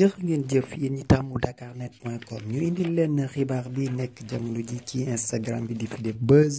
jëf ngeen jëf yéen ñi tàmmu dakarnet.com ñu indil leen xibaar bi nekk jamono ji ci Instagram bi di fi def buzz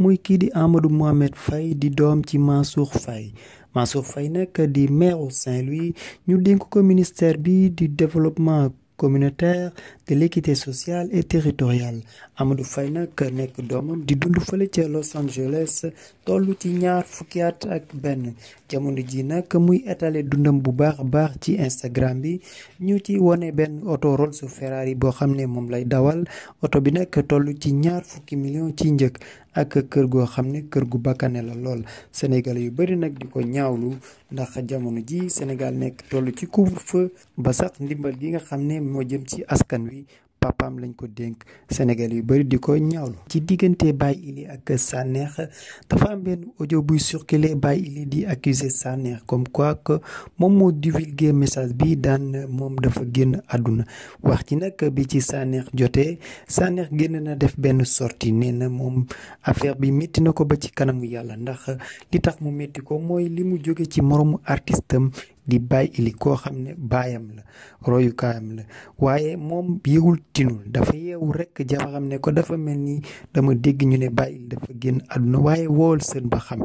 muy kii di Amadou Mohamed Faye di doom ci Mansour Faye Mansour Faye nag di maire Saint-Louis ñu dénk ko ministère bi di développement communautaire de l'équité sociale et territoriale Amadou Faye nag nekk doomam di dund fële ca Los Angeles toll ci ñaar fukki at ak benn jamono ji nag muy étale dundam bu baax a baax ci Instagram bi ñu ci wane benn oto Rolls Ferrari boo xam ne moom lay dawal oto bi nag toll ci ñaar fukki million ci njëkk ak kër goo xam ne kër gu bakkane la lool Sénégal yu bari nag di ko ñaawlu ndax jamono ji Sénégal nekk toll ci couvre-feu ba sax ndimbal gi nga moo jëm ci askan wi papaam lañ ko dénk Sénégal yu bëri di ko ñaawlu ci diggante Baye Ili ak sànneex dafa am benn ojo buy circulé Baye Ili di accuser sànneex comme quoi que moom moo divulgué message bi daan moom dafa génn àdduna wax ci nag bi ci sànneex jote sànneex génn na def benn sortie nee na moom affaire bi métti na ko ba ci kanamu yàlla ndax li tax mu métti ko mooy li mu jóge ci moroomu artistam di bàyyi koo xam ne baayam la royukaayam la waaye moom yëgul tinul dafa yeewu rekk jama ne ko dafa mel ni dama dégg ñu ne bàyyi dafa génn àdduna waaye wool sën ba xam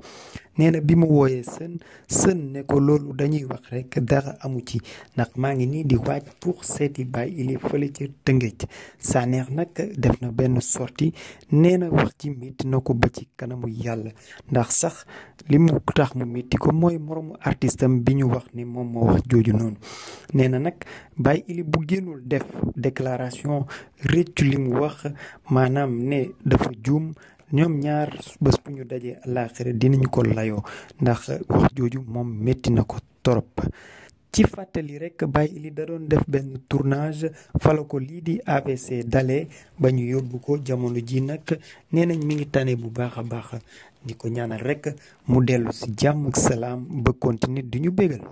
nee na bi mu wooyee sën sën ne ko loolu dañuy wax rekk dara amu ci ndax maa ngi nii di waaj pour seeti Baye il est fële ca Tëngéej Sanex nag def na benn sortie nee na wax ji métti na ko ba ci kanamu yàlla ndax sax li mu tax mu métti ko mooy moroomu artistam bi ñu wax ni moom moo wax jooju noonu nee na nag Baye Ili bu génnul def déclaration réccu li mu wax maanaam ne dafa juum ñoom ñaar bés bu ñu dajee àllaaxira dinañ ko layoo ndax wax jooju moom métti na ko torop ci fàttali rek Baye li da doon def benn tournage fala ko lii di AVC dalee ba ñu yóbbu ko jamono ji nag nee nañ mu ngi tane bu baax a baax di ko ñaanal rek mu dellu si jàmm ak salaam ba continuer di ñu bégal